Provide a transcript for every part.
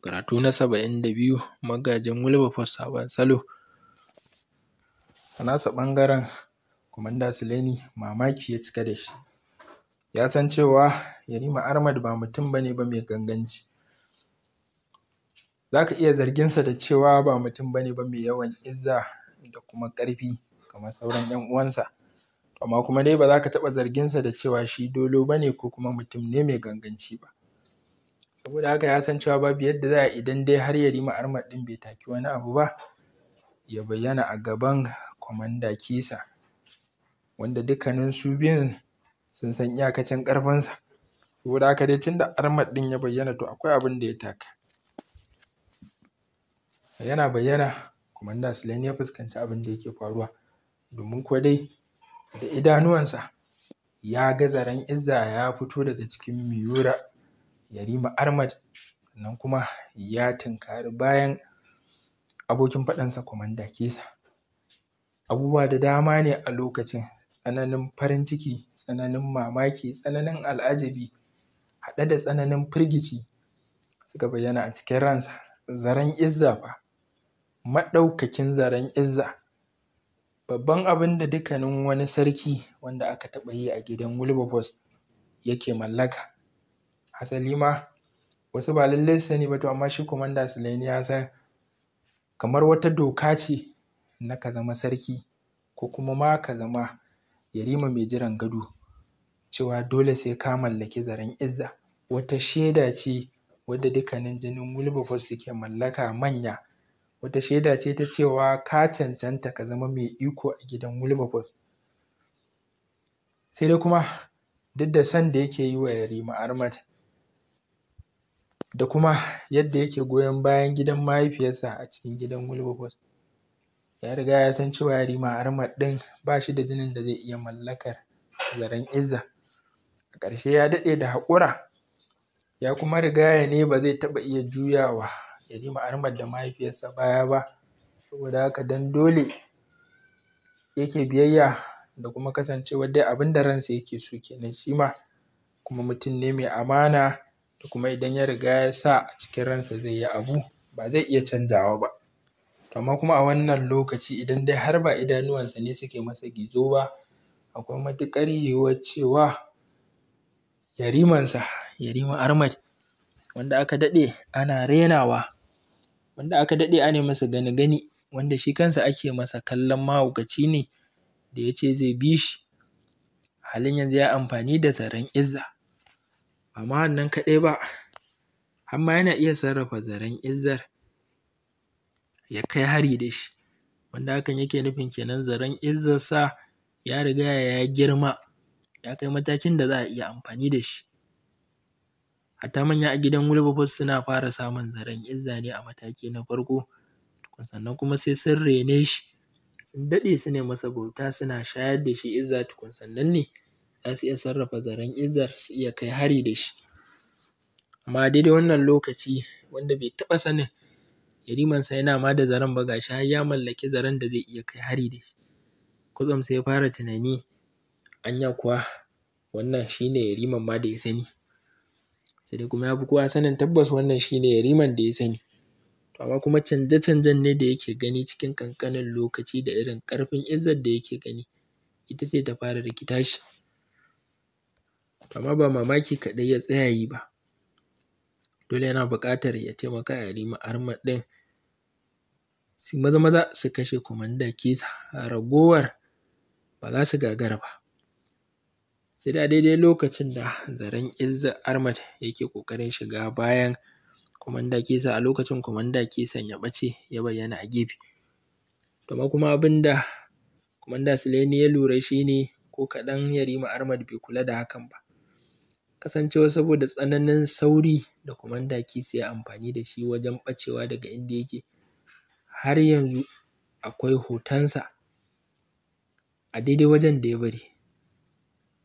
Karatu na saba'in da biyu Magajin Wilberforce Sabon Salo. A nasa ɓangaren Kwamanda Sileni mamaki ya cika da shi. Ya san cewa Yarima armad ba mutum ba ne ba mai ganganci. Za ka iya zarginsa da cewa ba mutum ba ne ba mai yawan izza da kuma ƙarfi kamar sauran 'yan uwansa. Amma kuma dai ba za ka taɓa zarginsa da cewa shi dolo ba ne ko kuma mutum ne mai ganganci ba. saboda haka ya san cewa babu yadda za a idan dai har Yarima Ahmad ɗin bai taki wani abu ba ya bayyana a gaban Kwamanda Kisa wanda dukkanin su biyun sun san iyakacin ƙarfinsa saboda haka dai tunda Ahmad ɗin ya bayyana to akwai abin da ya taka yana bayyana Kwamanda Sulaim ya fuskanci abin da yake faruwa domin kuwa dai da idanuwansa ya ga zaren Izza ya fito daga cikin miyura Yarima Ahmad sannan kuma ya tunkari bayan abokin faɗansa Kwamanda Kesa. Abubuwa da dama ne a lokacin tsananin farin ciki, tsananin mamaki, tsananin al'ajabi haɗe da tsananin firgici suka bayyana a cikin ransa. Zaren Izza fa maɗaukakin zaren Izza babban abin da dukkanin wani sarki wanda aka taɓa yi a gidan Wilberforce yake mallaka Hasali ma wasu ba lallai su sani ba to amma shi Commander Sulaini ya san kamar wata doka ce na ka zama sarki ko kuma ma ka zama yarima mai jiran gado cewa dole sai ka mallaki zaren izza wata shaida ce wadda dukkanin jinin Wilberforce suke mallaka manya wata shaida ce ta cewa ka cancanta ka zama mai iko a gidan Wilberforce sai dai kuma duk da sanda da yake yi wa yarima Ahmad da kuma yadda yake goyon bayan gidan mahaifiyarsa a cikin gidan Wilberforce. Ya riga ya san cewa Yarima Ahmad ɗin ba shi da jinin da zai iya mallakar zaren Izza. A ƙarshe ya daɗe da haƙura ya kuma rigaya ne ba zai taɓa iya juyawa Yarima Ahmad da mahaifiyarsa baya ba saboda haka don dole yake biyayya da kuma kasancewa dai abin da ransa yake so kenan shi ma kuma mutum ne mai amana da kuma idan ya riga ya sa a cikin ransa zai yi abu ba zai iya canjawa ba to amma kuma a wannan lokaci idan dai har ba idanuwansa ne suke masa gizo ba akwai matuƙar yiwuwar cewa yarimansa yarima Ahmad wanda aka daɗe ana renawa wanda aka daɗe ana masa gani-gani wanda shi kansa ake masa kallon mahaukaci ne da ya ce zai bi shi halin yanzu ya amfani da zaren izza Ba Amma wannan kaɗai ba, har ma yana iya sarrafa zaren izzar ya kai hari da shi, wanda hakan yake nufin kenan zaren izzarsa ya riga ya girma, ya kai matakin da za a iya amfani da shi. Hatta manya a gidan Wilberforce suna fara samun zaren izza ne a mataki na farko, sannan kuma sai sun rene shi, sun daɗe su ne masa bauta suna shayar da shi izza tukun sannan ne za su iya sarrafa zaren izar su iya kai hari da shi. Amma dai daidai wannan lokaci wanda bai taɓa sanin sa yana ma da zaren ba ga shi har ya mallaki zaren da zai iya kai hari da shi. Kwatsam sai ya fara tunani anya kuwa wannan shi ne yariman ma da ya sani, sai dai kuma ya fi kowa sanin tabbas wannan shi ne yariman da ya sani. To amma kuma canje-canjen ne da yake gani cikin ƙanƙanin lokaci da irin ƙarfin izzar da yake gani ita ce ta fara rikita shi. amma ba mamaki kaɗai ya tsaya yi ba dole yana buƙatar ya taimaka ya rima arma ɗin su maza maza su kashe kwamanda kisa ragowar ba za su gagara ba sai da daidai lokacin da zaren izza armad yake ƙoƙarin shiga bayan kwamanda kisa a lokacin kwamanda kisan ya ɓace ya bayyana a gefe amma kuma abin da kumanda sileni ya lura shi ne ko kaɗan yarima armad bai kula da hakan ba Kasancewa saboda tsananin sauri da kuman daki suke amfani da shi wajen ɓacewa daga inda yake har yanzu akwai hotonsa a daidai wajen da ya bari.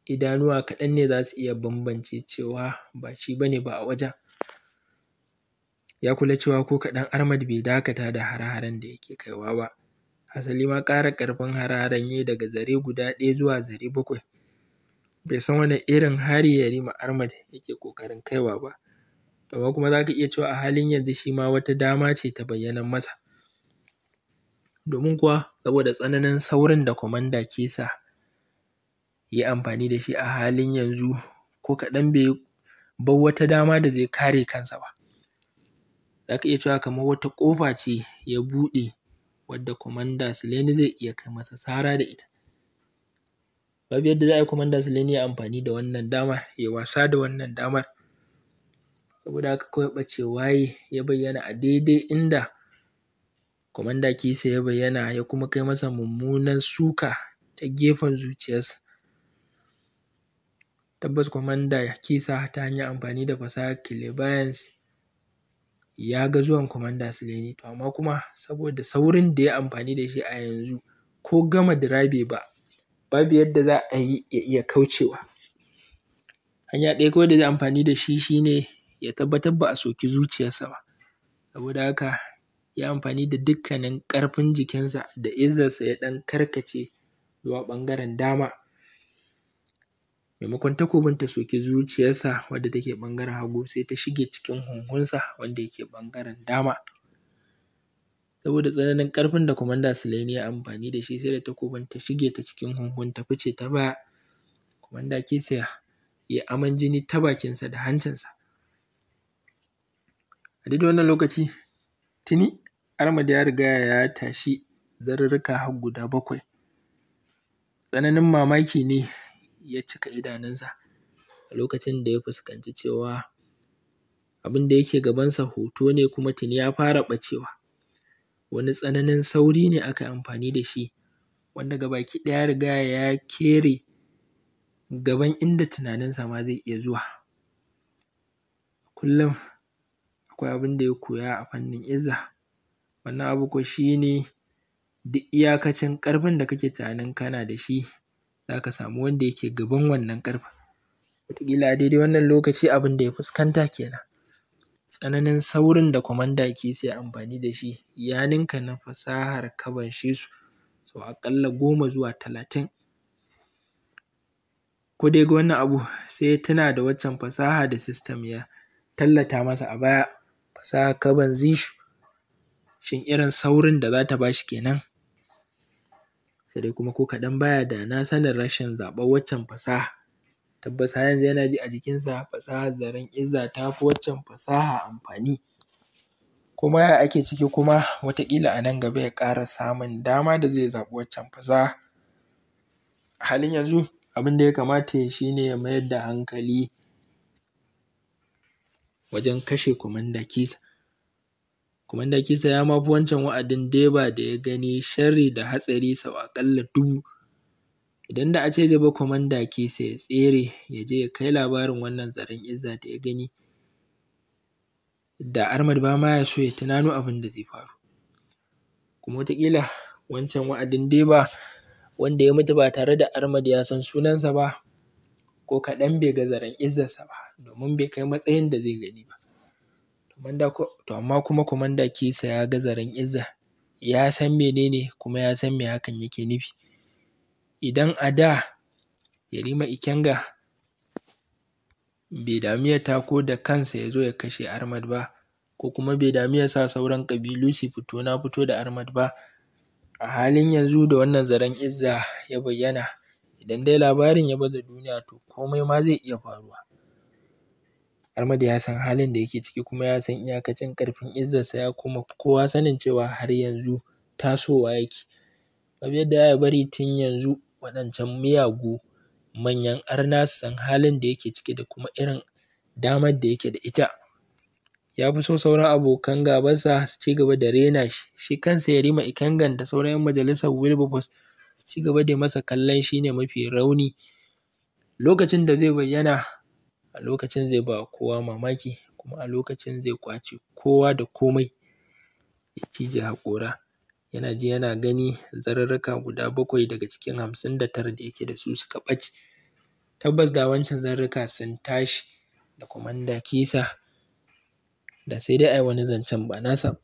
Idanuwa kaɗan ne za su iya bambance cewa ba shi ba ne ba a wajen. Ya kula cewa ko kaɗan Ahmad bai dakata da hare-haren da yake kaiwa ba, hasali ma ƙara ƙarfin hare-haren ya yi daga zare guda ɗaya zuwa zare bakwai. bai san wani irin hari Yarima Ahmad yake ƙoƙarin kaiwa ba. Amma kuma za ka iya cewa a halin yanzu shi ma wata dama ce ta bayyana masa. Domin kuwa saboda tsananin saurin da Kwamanda ke sa yi amfani da shi a halin yanzu ko kaɗan bai bar wata dama da zai kare kansa ba. Za ka iya cewa kamar wata ƙofa ce ya buɗe wadda Kwamanda Suleini zai iya kai masa sara da ita. Babu yadda za a yi Commander Sule ya yi amfani da wannan damar, ya wasa da wannan damar. Saboda haka kawai ɓace waye ya bayyana a daidai inda Commander Kisa ya bayyana ya kuma kai masa mummunan suka ta gefen zuciyarsa. Tabbas Commander Kisa ta hanyar amfani da fasahar Cleviance ya ga zuwan Commander Sule to amma kuma saboda saurin da ya yi amfani da shi a yanzu ko gama dira ba babu yadda za a yi ya iya kaucewa. Hanya ɗaya kawai da zai amfani da shi shi ne ya tabbatar ba a soki zuciyarsa ba, saboda haka ya yi amfani da dukkanin ƙarfin jikinsa da izzarsa ya ɗan karkace zuwa ɓangaren dama, maimakon takobin ta soki zuciyarsa wadda take ɓangaren hagu sai ta shige cikin huhunsa wanda yake ɓangaren dama. Saboda tsananin ƙarfin da Commander Sulaim ya amfani da shi sai da takobin ta shige ta cikin hunhun ta fice ta baya. Commander Kessiya ya aman jini ta bakinsa da hancinsa. A duk wannan lokaci tuni armad ya riga ya tashi zarurruka har guda bakwai. Tsananin mamaki ne ya cika idanunsa a lokacin da ya fuskanci cewa abin da yake gabansa hoto ne kuma tuni ya fara ɓacewa. wani tsananin sauri ne aka yi amfani da shi wanda gabaki ɗaya ya riga ya kere gaban inda tunaninsa ma zai iya zuwa. Kullum akwai abin da ya koya a fannin iza wannan abu kuwa shi ne duk iyakacin ƙarfin da kake tunanin kana da shi za ka samu wanda yake gaban wannan ƙarfin. Wataƙila a daidai wannan lokaci abin da ya fuskanta kenan. Tsananin saurin da kwamanda ke sai amfani da shi ya ninka na fasahar Kabashesu sau aƙalla goma zuwa talatin. Ko dai ga wannan abu sai ya tuna da waccan fasaha da system ya tallata masa a baya, fasahar zishu, shin irin saurin da za ta ba shi kenan? Sai dai kuma ko kaɗan baya da na sanin rashin zaɓar waccan fasaha. tabbas har yanzu yana ji a jikinsa fasahar zaren iza ta fi waccan fasaha amfani. Kuma ya ake ciki kuma wataƙila a nan gaba ya ƙara samun dama da zai zaɓi waccan fasaha. A halin yanzu abin da ya kamata ya shi ne ya mayar da hankali wajen kashe kumanda, Kisa. Kisa ya ma fi wancan wa'adin Deba da ya gani sharri da hatsari sau aƙalla dubu. Idan da a ce zai bar kwamandan kisa ya tsere ya je ya kai labarin wannan zaren Izza da ya gani, da Ahmad ba ma ya so ya tunano abin da zai faru. Kuma wataƙila wancan wa'adin ba wanda ya mutu ba tare da Ahmad ya san sunansa ba, ko kaɗan bai ga zaren izzarsa ba, domin bai kai matsayin da zai gani ba. To amma kuma kwamandan kisa ya ga zaren Izza, ya san menene kuma ya san me hakan yake nufi. idan a da Yarima Ikenga bai damu ya tako da kansa ya zo ya kashe Ahmad ba ko kuma bai damu ya sa sauran ƙabilu su fito na fito da Ahmad ba, a halin yanzu da wannan zaren Izza ya bayyana idan dai labarin ya baza duniya to komai ma zai iya faruwa. Ahmad ya san halin da yake ciki kuma ya san iyakacin ƙarfin Izzarsa ya kuma kowa sanin cewa har yanzu tasowa yake kamar yadda za ya bari tun yanzu waɗancan miyagu manyan arna su san halin da yake ciki da kuma irin damar da yake da ita. Ya fi so sauran abokan gabansa su ci gaba da raina shi, shi kansa Yarima Ikengan da sauran ‘yan majalisar Wilberforce su ci gaba da masa kallon shi ne mafi rauni. Lokacin da zai bayyana a lokacin zai ba kowa mamaki kuma a lokacin zai ƙwace kowa da komai ya cije haƙora. yana ji yana gani zarurruka guda bakwai daga cikin hamsin da tara da yake da su suka ɓace. Tabbas da wancan zarurruka sun tashi da kumanda Kisa da sai dai a wani zancen ba nasa ba.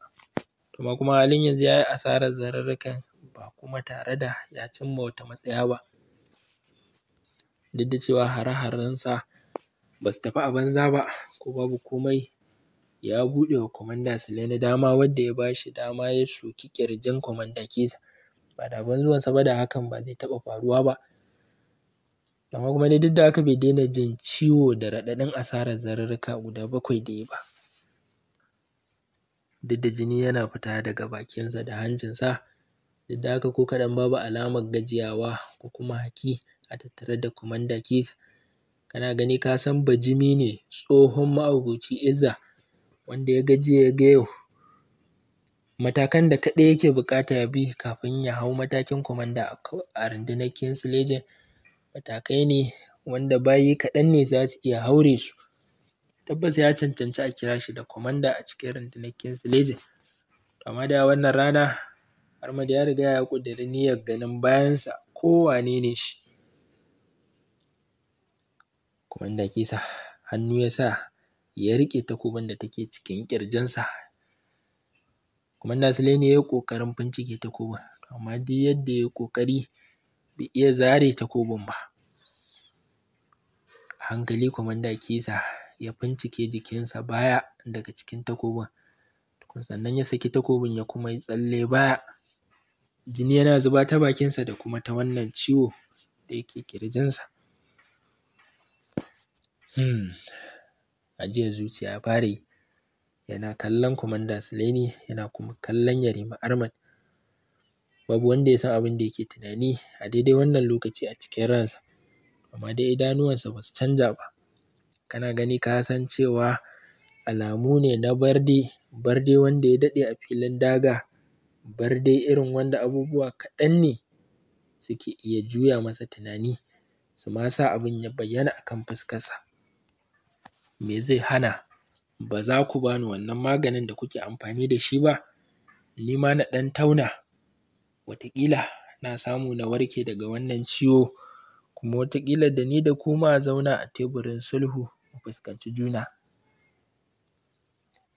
Amma kuma halin yanzu ya yi asarar zarurrukan ba kuma tare da ya cimma wata matsaya ba. Duk da cewa hare-harensa ba su tafi a banza ba ko babu komai ya buɗewa kwamanda Sule na dama wanda ya bashi dama ya soki ƙirjin kwamanda Keza. Ba da abin zuwansa ba da hakan ba zai taɓa faruwa ba. Amma kuma dai duk da haka bai daina jin ciwo da raɗaɗin asarar zarurruka guda bakwai da ya ba. Duk da jini yana fita daga bakinsa da hancinsa, duk da haka ko kaɗan babu alamar gajiyawa ko kuma haki a tattare da kwamanda Keza. Kana gani ka san bajimi ne, tsohon ma'aikaci, izza. wanda ya gaji ya ga yau matakan da kaɗai yake buƙata ya bi kafin ya hau matakin kwamanda a rundunar king's legion matakai ne wanda bayi kaɗan ne za su iya haure su tabbas ya cancanci a kira shi da kwamanda a cikin rundunar king's legion amma dai a wannan rana Ahmad ya riga ya ƙudiri niyyar ganin bayansa ko wane ne shi. Kwamanda Kisa hannu ya sa ya riƙe takobin da take cikin ƙirjinsa komanda Sule ne ya yi ƙoƙarin fincike takobin amma duk yadda ya yi ƙoƙari bai iya zare takobin ba a hankali komanda Kisa ya fincike jikinsa baya daga cikin takobin sannan ya saki takobin ya kuma yi tsalle baya jini yana zuba ta bakinsa da kuma ta wannan ciwo da yake ƙirjinsa. Hmm. ajiyar zuciya ya fara yi yana kallon Commander Suleini yana kuma kallon Yarima Ahmad babu wanda ya san abin da yake tunani a daidai wannan lokaci a cikin ransa amma dai idanuwansa ba su canja ba kana gani ka san cewa alamu ne na barde barde wanda ya daɗe a filin daga barde irin wanda abubuwa kaɗan ne suke iya juya masa tunani su ma sa abin ya bayyana akan kan fuskarsa me zai hana ba za ku ba ni wannan maganin da kuke amfani da shi ba ni ma na ɗan tauna wataƙila na samu na warke daga wannan ciwo kuma wataƙila da ni da ku ma a zauna a teburin sulhu mu fuskanci juna.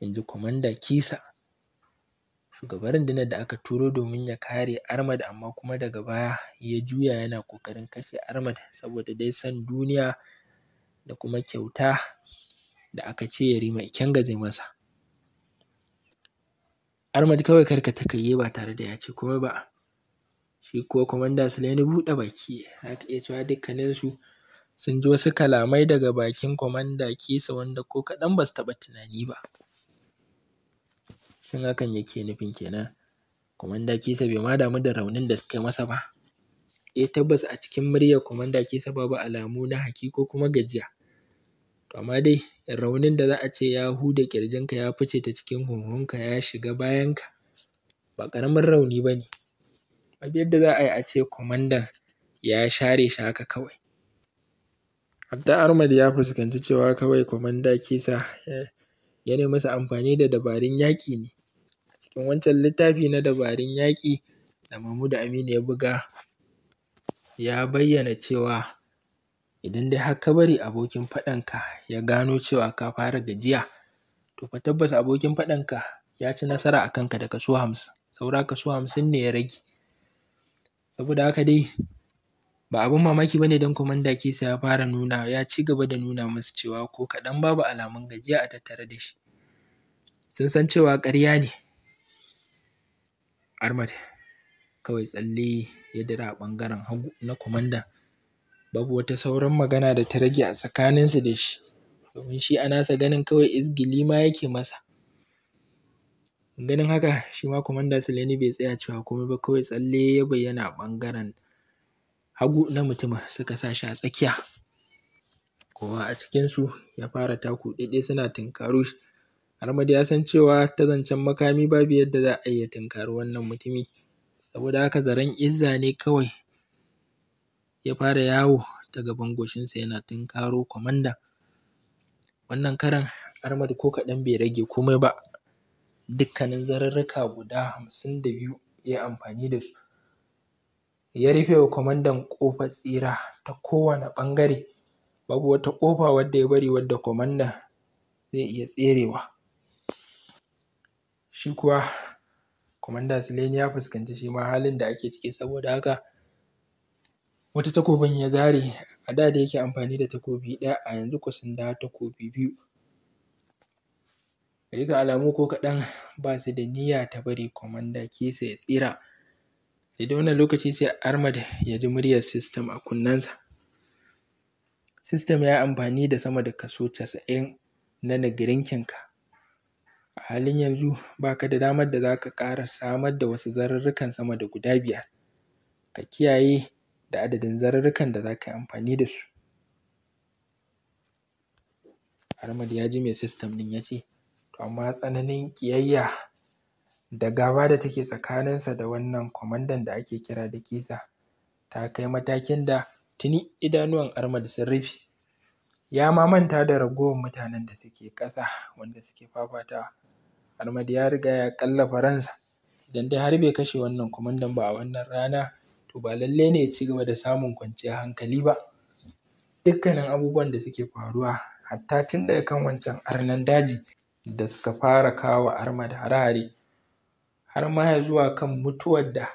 In ji Kwamanda Kisa shugaban rundunar da aka turo domin ya kare Ahmad amma kuma daga baya ya juya yana ƙoƙarin kashe Ahmad saboda dai son duniya da kuma kyauta da aka ce Yarima Ikenga zai masa. Ahmad kawai karkata kai ba tare da ya ce kuma ba. Shi kuwa Kwamanda su ya buɗe baki, haka iya cewa dukkaninsu sun ji wasu kalamai daga bakin Kwamanda Kisa wanda ko kaɗan ba su taɓa tunani ba. Shin hakan yake nufin kenan Kwamanda Kisa bai ma damu da raunin da suka masa ba? e tabbas a cikin muryar Kwamanda Kisa babu alamu na haki ko kuma gajiya. amma dai raunin da za a ce ya huda ƙirjinka ya fice ta cikin huhunka ya shiga bayanka ba ƙaramin rauni ba ne. Babu yadda za a yi a ce kwamandan ya share shi haka kawai. Hatta Ahmad ya fuskanci cewa kawai kwamanda eh, ya nemi masa amfani da dabarun yaƙi ne. A cikin wancan littafi na dabarun yaƙi da Mahmud Aminu ya buga ya bayyana cewa Idan dai har ka bari abokin faɗanka ya gano cewa ka fara gajiya, to fa tabbas abokin faɗanka ya ci nasara a kanka da kaso hamsin, saura kaso hamsin ne ya rage. Saboda haka dai ba abin mamaki ba ne don kwamanda sa ya fara nuna, ya ci gaba da nuna musu cewa ko kaɗan babu alamun gajiya a tattare da shi. Sun san cewa ƙarya ne. Ahmad kawai tsalle ya dira a ɓangaren hagu na kwamandan. babu wata sauran magana da ta rage a tsakaninsu da shi, domin shi a nasa ganin kawai izgili ma yake masa. Ganin haka shi ma Kwamanda Suleni bai tsaya cewa komai ba kawai tsalle ya bayyana a ɓangaren hagu na mutumin suka sa shi a tsakiya, kowa a cikinsu ya fara taku ɗaiɗai suna tunkaro shi, har ma dai ya san cewa ta zancen makami babu yadda za a iya ya tunkari wannan mutumi, saboda haka zaren izza ne kawai ya fara yawo daga bangoshinsa yana tunkaro kwamandan. Wannan karon Ahmad ko kaɗan bai rage komai ba, dukkanin zarurruka guda hamsin da biyu ya yi amfani da su. Ya rufe wa kwamandan ƙofar tsira ta kowane ɓangare, babu wata ƙofa wadda ya bari wadda kwamandan zai iya tserewa. Shi kuwa kwamanda Suleni ya fuskanci shi ma halin da ake ciki, saboda haka wata takobin ya zare a da da yake amfani da takobi ɗaya a yanzu ko sun dawo takobi biyu ga dukkan alamu ko kaɗan ba su da niyya ta bari komanda Kesa ya tsira daidai wannan lokaci sai armad ya ji muryar System a kunnensa System ya yi amfani da sama da kaso casa'in na nagirinkinka a halin yanzu ba ka da damar da za ka ƙara samar da wasu zarurrukan sama da guda biyar ka kiyaye da adadin zarurrukan da za ka yi amfani da su. Ahmad ya ji me system ɗin ya ce, to amma tsananin ƙiyayya da gaba da take tsakaninsa da wannan kwamandan da ake kira da Kisa ta kai matakin da tuni idanuwan Ahmad sun rufe. Ya ma manta da ragowar mutanen da suke ƙasa wanda suke fafatawa. Ahmad ya riga ya ƙallafa ransa idan dai har bai kashe wannan kwamandan ba a wannan rana to ba lallai ne ya ci gaba da samun kwanciyar hankali ba. Dukkanin abubuwan da suke faruwa hatta tun daga kan wancan arnan daji da suka fara kawo wa Ahmad hare-hare har ma ya zuwa kan mutuwar da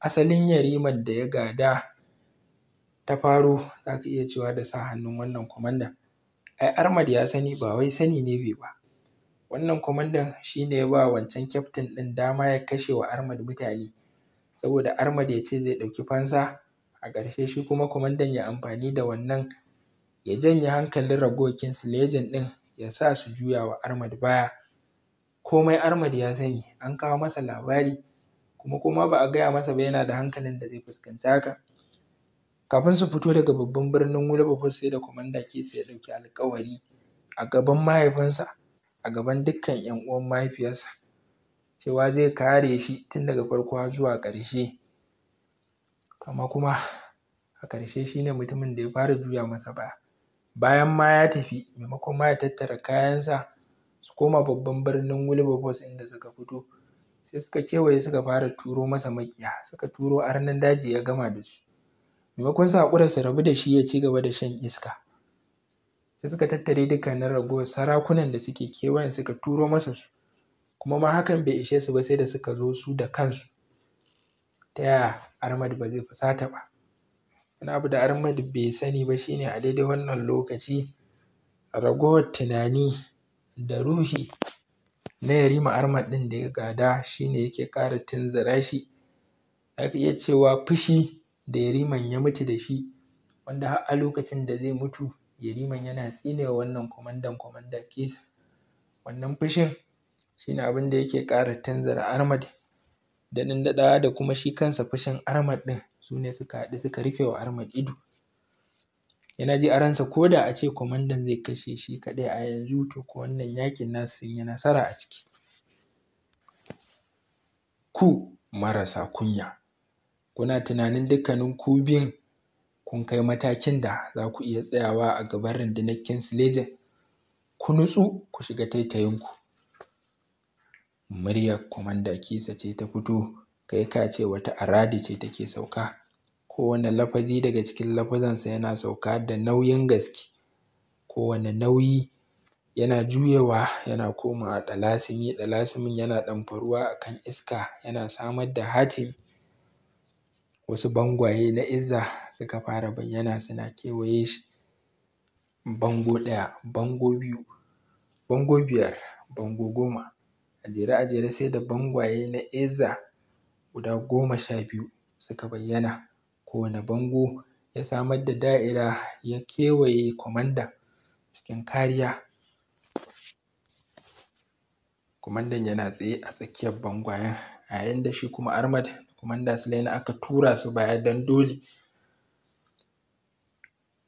asalin yarimar da ya gada ta faro za ka iya cewa da sa hannun wannan kwamandan. Ai Ahmad ya sani ba wai sani ne bai ba, wannan kwamandan shi ne ya ba wancan kyaftin ɗin dama ya kashe wa Ahmad mutane saboda Ahmad ya ce zai ɗauki fansa a ƙarshe shi kuma kwamandan ya amfani da wannan ya janye hankalin ragokin kings ɗin ya sa su juya wa Ahmad baya komai Ahmad ya sani an kawo masa labari kuma kuma ba a gaya masa ba yana da hankalin da zai fuskanci haka kafin su fito daga babban birnin Wilberforce sai da kwamanda Kesa ya ɗauki alƙawari a gaban mahaifinsa a gaban dukkan 'yan uwan mahaifiyarsa cewa zai kare shi tun daga farko har zuwa ƙarshe amma kuma a ƙarshe shi ne mutumin da ya fara juya masa baya bayan ma ya tafi maimakon ma ya tattara kayansa su koma babban birnin wilberforce inda suka fito sai suka kewaye suka fara turo masa makiya, suka turo arnan daji ya gama da su maimakon su haƙura su rabu da shi ya ci gaba da shan iska sai suka tattare dukkanin ragowar sarakunan da suke kewayen suka turo masa su kuma ma hakan bai ishe su ba sai da suka zo su da kansu ta yaya Ahmad ba zai fusata ba wani abu da Ahmad bai sani ba shine a daidai wannan lokaci ragowar tunani da ruhi na Yarima Ahmad ɗin da ya gada shine yake ƙara tunzura shi za ka iya cewa fushi da Yariman ya mutu da shi wanda har a lokacin da zai mutu Yariman yana tsinewa wannan kwamandan kwamanda Kisa wannan fushin shine da yake ƙara tanzara armad da ɗan daɗawa da kuma shi kansa fashin armad ɗin sune suka haɗu suka rufe wa armad ido yana ji a ransa ko da a ce kwamandan zai kashe shi kaɗai a yanzu to ko wannan yaƙin nasu sun yi nasara a ciki ku marasa kunya kuna tunanin dukkanin ku biyun kun kai matakin da za ku iya tsayawa a gaban rundunar King's ku nutsu ku shiga taitayinku muryar Kwamanda Kisa ce ta fito kai ka ce wata aradi ce take sauka kowane lafazi daga cikin lafazansa yana sauka da nauyin gaske kowane nauyi yana juyawa yana komawa ɗalasimi ɗalasimin yana ɗamfaruwa a kan iska yana samar da hatimi wasu bangwaye na izza suka fara bayyana suna kewaye shi bango ɗaya bango biyu bango biyar bango goma a jere a jere sai da bangwaye na Eza guda goma sha biyu suka bayyana. Kowane bango ya samar da da'ira ya kewaye kwamandan cikin kariya. Kwamandan yana tsaye a tsakiyar bangwayen a yayin da shi kuma armad da kwamanda Suleina aka tura su baya don dole.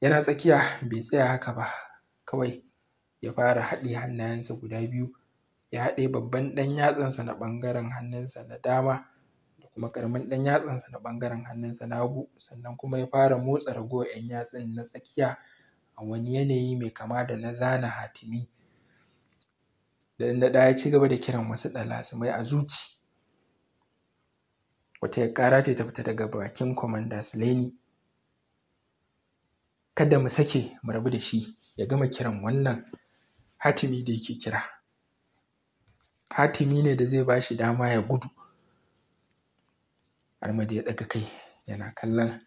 Yana tsakiya bai tsaya haka ba kawai ya fara haɗe hannayensa guda biyu ya haɗe babban ɗan yatsansa na ɓangaren hannunsa na dama da kuma ƙaramin ɗan yatsansa na ɓangaren hannunsa na hagu sannan kuma ya fara motsa ragowar ‘yan yatsan na tsakiya a wani yanayi mai kama da na zana hatimi da ɗan ɗaya ya ci gaba da kiran wasu ɗalasimai a zuci wata ƙara ce ta fita daga bakin kwamanda Suleni kada mu sake mu rabu da shi ya gama kiran wannan hatimi da yake kira hatimi ne da zai bashi dama ya gudu Ahmad ya ɗaga kai yana kallon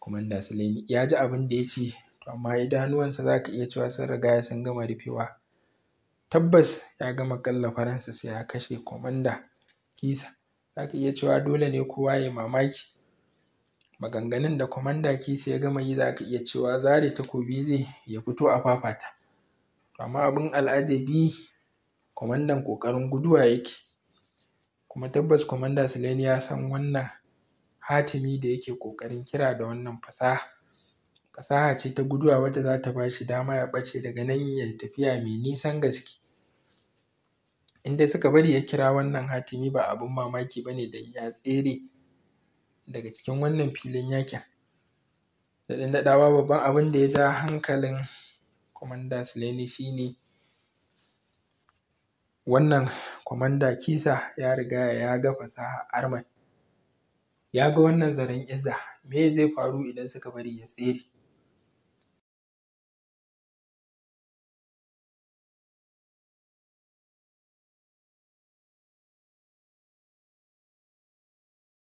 Kwamanda Sulaimi ya ji abin da ya ce to amma idanuwansa za ka iya cewa sun riga sun gama rufewa tabbas ya gama kalla faransa sai ya kashe Kwamanda Kisa za ka iya cewa dole ne kowa ya mamaki maganganun da Kwamanda Kisa ya gama yi za ka iya cewa zare takobi zai ya fito a fafata amma abin al'ajabi kwamandan ƙoƙarin guduwa yake kuma tabbas kwamanda Sulaini ya san wannan hatimi da yake ƙoƙarin kira da wannan fasaha fasaha ce ta guduwa wacce za ta ba shi dama ya ɓace daga nan ya yi tafiya mai nisan gaske in dai suka bari ya kira wannan hatimi ba abin mamaki ba ne don ya tsere daga cikin wannan filin yaƙin daɗin daɗawa babban abin da ya ja hankalin kwamanda Sulaini shi ne wannan kwamanda kisa ya riga ya ga fasahar arman ya ga wannan zaren izza me zai faru idan suka bari ya tsere